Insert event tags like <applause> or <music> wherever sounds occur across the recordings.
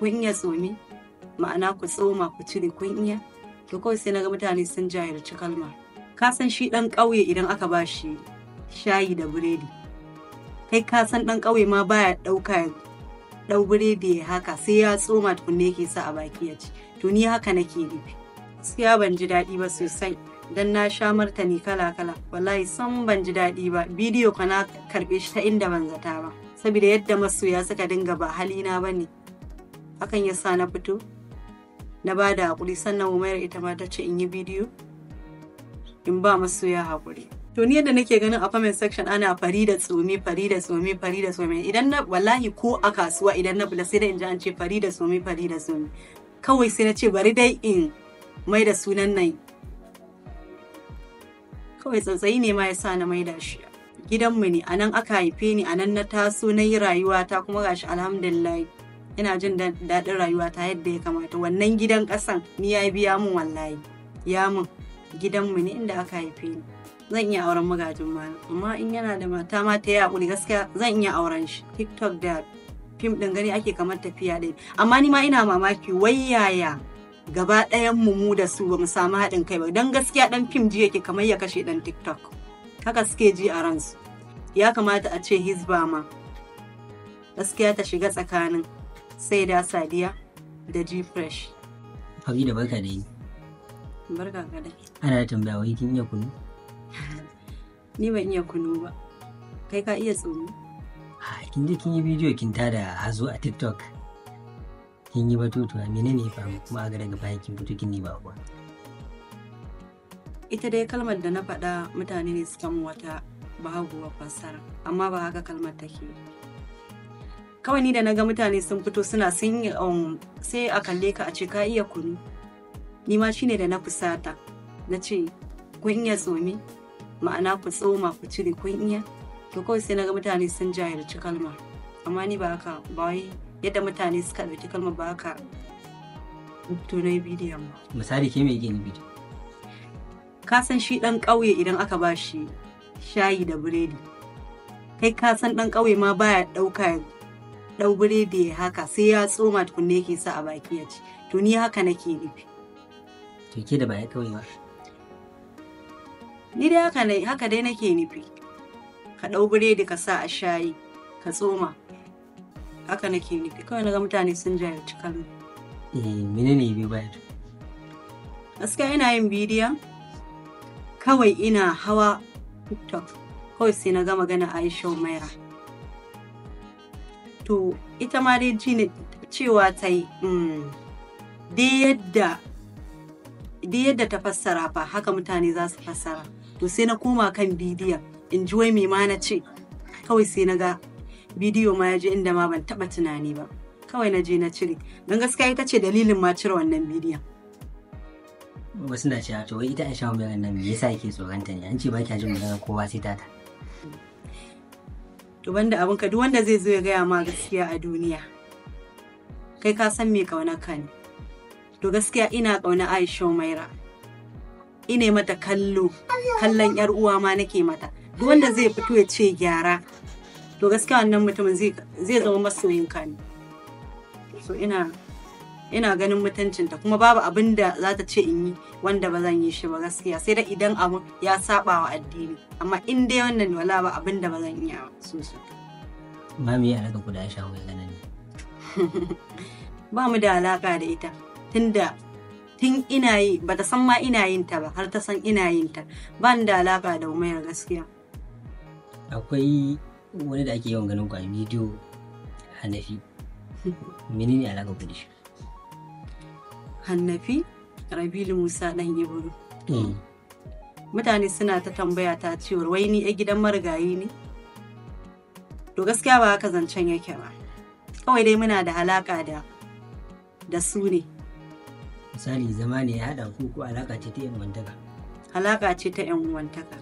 kun iya tsomi ma'ana ku tsoma ku cire kun iya to kawai sai na ga mutane sun jayarci kalma ka san shi ɗan ƙauye idan aka ba shi shayi da biredi kai ka san ɗan ƙauye ma baya ɗauka ɗau biredi ya haka sai ya tsoma tukunne yake sa a baki ya ci to ni haka nake nufi gaskiya ban ji daɗi ba sosai dan na sha martani kala kala wallahi san ban ji daɗi ba bidiyo ka na karɓe shi ta inda ban zata ba saboda yadda masoya suka dinga ba halina ba ne hakan ya sa na fito na ba da haƙuri sannan umar ita ma ta ce in yi bidiyo in ba ya haƙuri to ni yadda nake ganin a comment section ana fari da tsomi fari da tsomi fari da tsomi idan na wallahi ko a kasuwa idan na bula sai da in ji an ce fari da tsomi fari da tsomi kawai sai na ce bari dai in mai da sunan nan kawai tsantsayi ne ma ya sa na mai da shi gidanmu ne anan aka haife ni anan na taso na yi rayuwata kuma gashi alhamdulillah ina jin daɗin rayuwa ta yadda ya kamata wannan gidan ƙasan ni ya biya mun wallahi ya mun gidanmu ne inda aka haife ni zan iya auren magajin ma amma in yana da mata ma ta yi hakuri gaskiya zan iya auren shi tiktok da fim ɗin gani ake kamar tafiya ɗaya amma ni ma ina mamaki wai yaya gaba ɗayan mu mu da su bamu samu haɗin kai ba dan gaskiya ɗan fim ji yake kamar ya kashe ɗan tiktok haka suke ji a ransu ya kamata a ce hizba ma gaskiya ta shiga tsakanin sai da sadiya da ji fresh habi da barka da yi barka ga da ana da tambaya wai kin iya kunu <laughs> ni ban iya kunu ba kai ka iya tsoro kin je kin yi bidiyo kin tada hazo a tiktok kin yi batutuwa menene ya faru kuma a daga bayan kin fito kin yi ba kuwa ita dai kalmar da na faɗa mutane ne suka wata bahaguwar fassara amma ba haka kalmar take ba kawai ni da naga mutane sun fito suna sun yi um, sai a kalle ka a ce ka iya kunu ni ma shine da na fusata na ce kun iya tsomi ma'ana ku tsoma ku cire kun iya to kawai sai na ga mutane sun jayarci kalmar amma ni ba haka ba wai yadda mutane suka ɗauki kalma ba haka to na bidiyon ba misali ke mai gini bidiyo ka san shi ɗan kauye idan aka ba shi shayi da biredi kai ka san ɗan ƙauye ma baya ɗauka ɗau biredi ya haka sai ya tsoma tukunne yake sa a baki ya ci to ni haka nake nufi to ke da baya kawai ba ni dai haka ne haka dai nake nufi ka ɗau biredi ka sa a shayi ka tsoma haka nake nufi kawai na ga mutane sun jayarci kalmi eh menene bi baya gaskiya ina yin bidiyon kawai ina hawa tiktok kawai sai na gama gana aisha umaira to ita ma dai ji cewa ta yi mm, dai yadda ta fassara fa haka mutane za su fassara to sai na koma kan bidiyo in ji wai ma na ce kawai sai na ga bidiyo ma ya je inda ma ban taba tunani ba kawai na je na cire don gaskiya ita ce dalilin ma cire wannan bidiyon wasu na cewa to wai ita aisha mai nan me yasa yake tsoron ta ne an ce ba kya jin magana kowa sai tata to banda abin ka duk wanda zai zo ya gaya ma gaskiya a duniya kai ka san me kauna ka ne to gaskiya ina kauna Aisha Maira ine mata kallo kallon yar uwa ma nake mata duk wanda zai fito ya ce gyara to gaskiya wannan mutumin zai zama masoyinka ne so ina ina ganin mutuncinta kuma babu abin da za ta ce in yi wanda ba zan yi shi ba gaskiya sai da idan abu ya saba wa addini amma in dai wannan wala ba abin da ba zan iya sosai. ma me alaka ku guda Aisha mai ganin <laughs> ba mu da alaka da ita tunda tun ina yi ba ta san ma ina yin ta ba har ta san ina yin ta ba ni da alaka da umar gaskiya akwai wani da ake yawan ganin ku a bidiyo hanafi <laughs> menene alaka guda da shi hannafi rabilu musa dan iburu hmm. mutane suna ta tambaya ta cewar wai ni a gidan marigayi ne to gaskiya ba haka zancen yake ba kawai dai muna da alaka da da su ne misali zama ne ya haɗa ko ko alaka ce ta yan uwantaka alaka ce ta yan uwantaka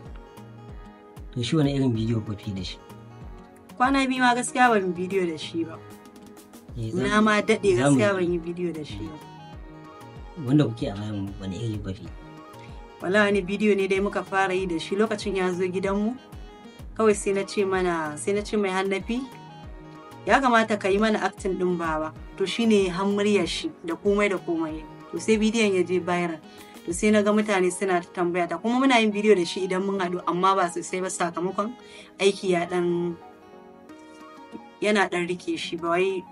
to shi wani irin bidiyo ko fi da shi kwana biyu ma gaskiya ban bidiyo da shi ba eh, na ma daɗe gaskiya ban yi bidiyo da shi ba wanda kuke a bayan wani iri bafi. wala wani bidiyo ne dai muka fara yi da shi lokacin ya zo gidanmu kawai sai na ce mana sai na ce mai hannafi ya kamata ka yi mana aktin din baba to shine hammurya shi da komai da komai to sai bidiyon ya je bayan to sai na ga mutane suna tambaya ta kuma muna yin bidiyo da shi idan mun haɗu amma ba sosai ba sakamakon aiki ya dan yana dan rike shi ba wai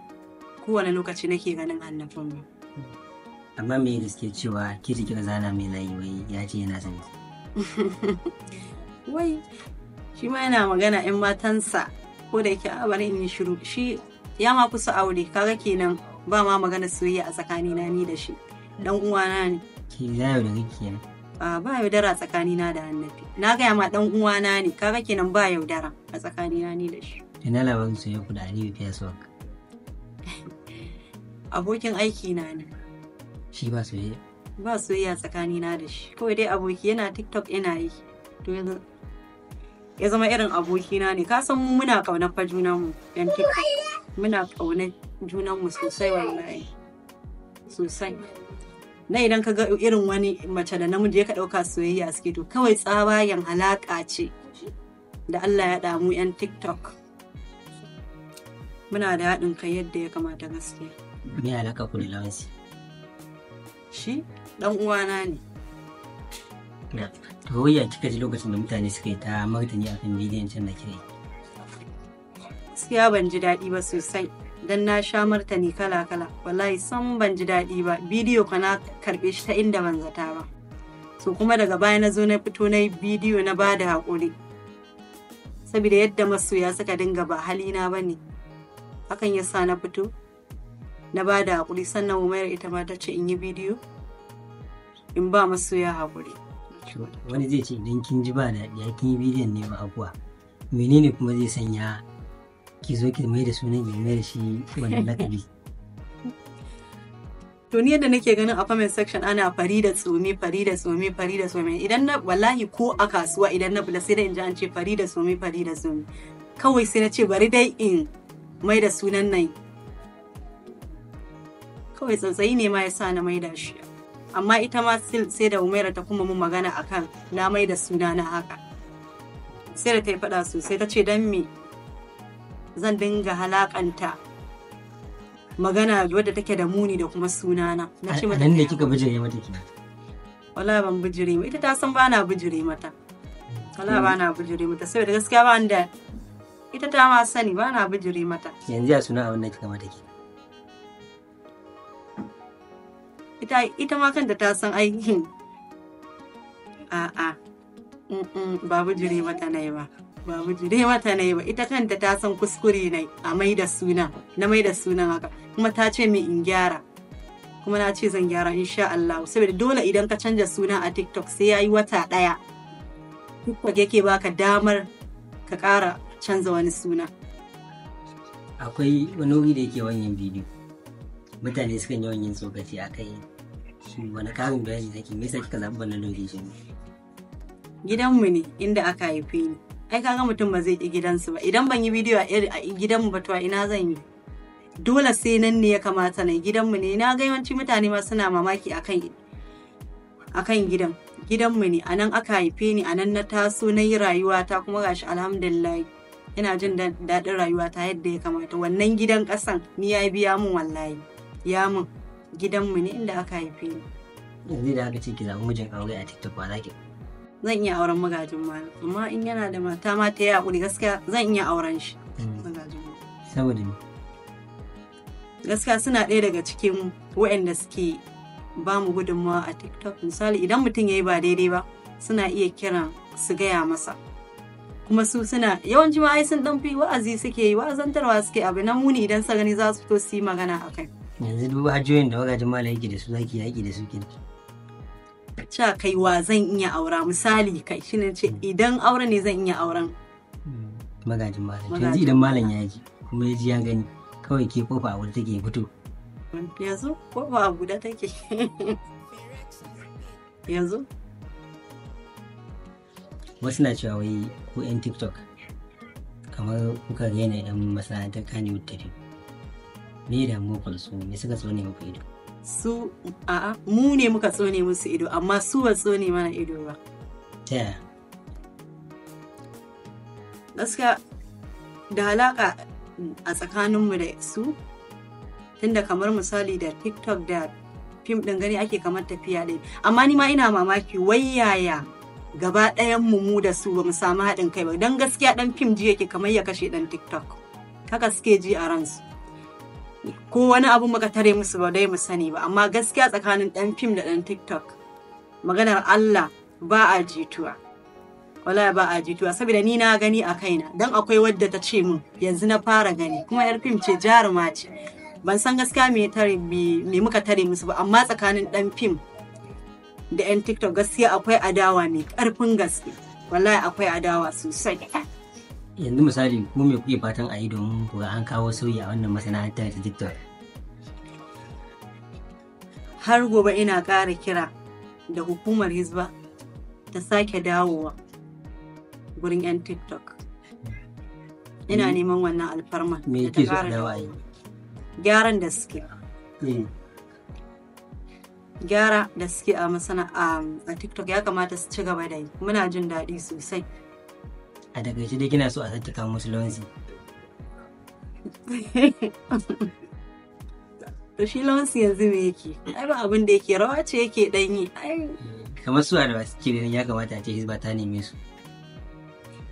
kowane lokaci nake ganin hannafin ba amma me gaske cewa ki jiki zana mai layi wai ya ce yana son <laughs> wai shi ma yana magana yan matansa ko da yake a bari shiru shi ya ma kusa aure kaga kenan ba ma magana soyayya a tsakanina ni da shi dan uwana ne ki za da kike a ba yaudara tsakanina da annabi na gaya ma dan uwana ne kaga kenan ba yaudara a tsakanina ni da shi ina labarin soyayya ku da aliyu fiye <laughs> abokin aiki na ne shi ba soyayya ba soyayya tsakani na da shi kawai dai aboki yana tiktok yana yi to ya zama irin abokina ne ka san muna kaunar fa mu yan tiktok muna kaunar mu sosai wallahi sosai na idan ka ga irin wani mace da namiji ya ka ɗauka soyayya suke to kawai tsabayan alaƙa ce da Allah ya damu 'yan TikTok. Muna da haɗin kai yadda ya kamata gaskiya. Ni alaka ku da lawansi. shi dan uwana ne to ya kika ji lokacin da mutane suka yi ta martani akan bidiyon can da ke. yi gaskiya ban ji daɗi ba sosai dan na sha martani kala kala wallahi san ban ji daɗi ba bidiyo ka na karɓe shi ta inda ban zata ba so kuma daga baya na zo na fito na yi bidiyo na ba da haƙuri saboda yadda masoya suka dinga ba halina ba ne hakan yasa na fito na ba da haƙuri sannan mayar ita ma ta ce in yi bidiyo in ba ya haƙuri wani zai ce idan kin ji ba da ya kin yi bidiyon ne ba haƙuwa menene kuma zai sanya ki zo ki mai da sunan ki mai da shi wani lakabi <laughs> to ni yadda nake ganin a comment section ana fari da tsomi fari da tsomi fari da tsomi idan na wallahi ko a kasuwa idan na bula sai da in ji an ce fari da tsomi fari da tsomi kawai sai na ce bari dai in mai da sunan nan kawai tsantsayi ne ma ya sa na maida shi amma ita ma sai da umaira ta kuma mun magana akan na maida suna na haka sai da ta yi faɗa sosai ta ce don me zan dinga halakanta magana wadda take da muni da kuma sunana na ce mata da kika bijire mata ki wala ban bijire mata ita ta san ba na bijire mata wala ba hmm. na bijire mata saboda gaskiya ba da ita ta ma sani ba na bijire mata yanzu ya suna a wannan kika mata ki ita ita ma kanta ta san aikin a babu jire mata na yi ba babu jire mata na yi ba ita kanta ta san kuskure na a mai da sunan na mai da sunan haka kuma ta ce mai in gyara kuma na ce zan gyara insha Allah saboda dole idan ka canja suna a TikTok sai yayi wata daya TikTok yake baka damar ka kara canza wani suna akwai wani wuri da yake wannan bidiyo mutane sukan yawan yin tsokaci a kai wani karin bayani zaki me yasa kika zaɓi wannan location gidanmu ne inda aka haife ni ai kaga mutum ba zai ki gidansu ba idan ban yi bidiyo a gidanmu ba to a ina zan yi dole sai nan ne ya kamata na gidanmu ne na ga yawanci mutane ma suna mamaki akan akan gidan gidanmu ne a nan aka haife ni a na taso na yi rayuwata kuma gashi alhamdulillah ina jin daɗin rayuwata yadda ya kamata wannan gidan ƙasan ni ya biya mun wallahi ya min gidanmu ne inda aka haife ni. Yanzu da aka ce ki zaɓi mijin aure a TikTok ba za ki. Zan iya auren magajin ma. amma in yana da mata ma ta yi haƙuri gaskiya zan iya auren shi. Magajin Saboda me? Gaskiya suna ɗaya daga cikin waɗanda suke ba mu gudunmawa a TikTok misali idan mutum ya yi ba daidai ba suna iya kiran su gaya masa. kuma su suna yawanci ma ai sun dan fi wa'azi suke yi wa'azantarwa suke abu na muni idan sa gani za su fito su yi magana kai. yanzu duk hajjoyin da magajin mala yake da su zaki yaki da su kenan cewa kai wa zan iya aura misali kai shine ce hmm. idan aure ne zan iya auren hmm. magajin to yanzu idan malam ya ji kuma ya ji ya gani kawai ke kofa a wuri take fito yanzu kofa a guda take yanzu wasu na cewa wai ko yan tiktok kamar kuka rena yan masana'antar kanewood tafi me da mu kulsu suka tsone muku ido su a'a mu ne muka tsone musu ido amma su ba tsone mana ido ba ta gaskiya da alaka a tsakaninmu da su tunda kamar misali da tiktok da fim ɗin gani ake kamar tafiya ɗaya amma ni ma ina mamaki wai yaya gaba ɗayan mu mu da su ba mu samu haɗin kai ba don gaskiya ɗan fim ji yake kamar ya kashe ɗan tiktok kaka suke ji a ransu ko wani abu muka tare musu ba dai musani ba amma gaskiya tsakanin dan fim da dan tiktok maganar Allah ba a jituwa wala ba a jituwa saboda ni na gani a kaina dan akwai wadda ta ce min yanzu na fara gani kuma yar fim ce jaruma ce ban san gaskiya me tare me muka tare musu ba amma tsakanin dan fim da yan tiktok gaskiya akwai adawa mai karfin gaske wallahi akwai adawa sosai yanzu misali ku mai kuke fatan a yi domin ku an kawo sauyi a wannan masana'anta ta tiktok har gobe ina ƙara kira da hukumar hizba ta sake dawowa gurin 'yan tiktok ina neman wannan alfarma da ta ƙara gyaran da suke gyara da suke a masana a tiktok ya kamata su ci gaba da yi muna jin daɗi sosai a daga shi dai kina so a tattaka musu lonzi <laughs> to shi lonzi yanzu me yake ai ba abin da yake rawa ce yake yi. kamar su da suke ganin ya kamata a ce hizba ta neme su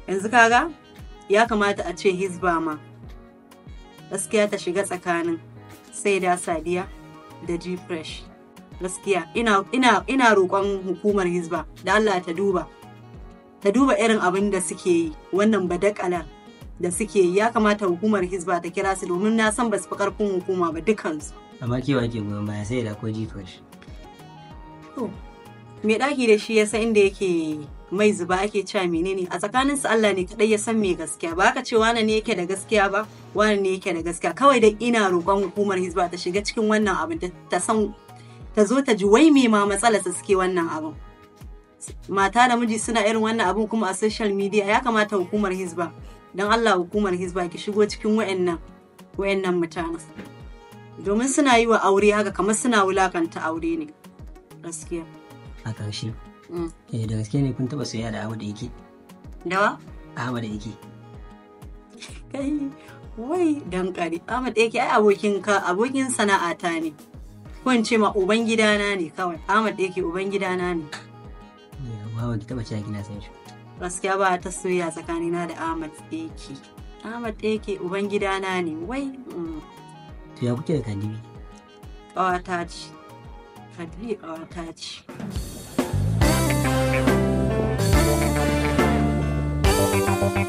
yanzu kaga ya kamata a ce hizba ma gaskiya ta shiga tsakanin sai da sadiya da g fresh gaskiya ina roƙon hukumar hizba da allah ta duba ta duba irin abin da suke yi wannan badakalar da suke yi ya kamata hukumar hizba ta kira su domin na san ba su fi karfin hukuma ba dukansu amma kewa ke goyon baya sai da ko jituwar shi mai ɗaki da shi ya san inda yake mai zuba ake cewa menene a tsakanin su Allah ne kadai ya san me gaskiya ba ka ce wani ne yake da gaskiya ba wani ne yake da gaskiya kawai da ina roƙon hukumar hizba ta shiga cikin wannan abin ta san ta zo ta ji wai me ma matsalarsa suke wannan abin mata da miji suna irin wannan abun kuma a social media ya kamata hukumar hizba don Allah hukumar hizba ki shigo cikin wayannan wayannan mutane domin suna yi wa aure haka kamar suna wulakanta aure ne gaskiya a ƙarshe mm. eh da gaske ne kun taba soyayya da da yake dawa da yake kai wai dan kare Ahmad yake ai abokin ka abokin sana'ata ne ko in ce ma uban gidana ne kawai Ahmad yake uban gidana ne Muhammad ta bace gina sai shi gaskiya ba ta soyayya tsakanina da Ahmad Eke Ahmad Eke uban gidana ne wai mm. to ya kuke da Kadiri ƙawata ce Kadiri ƙawata ce Thank you.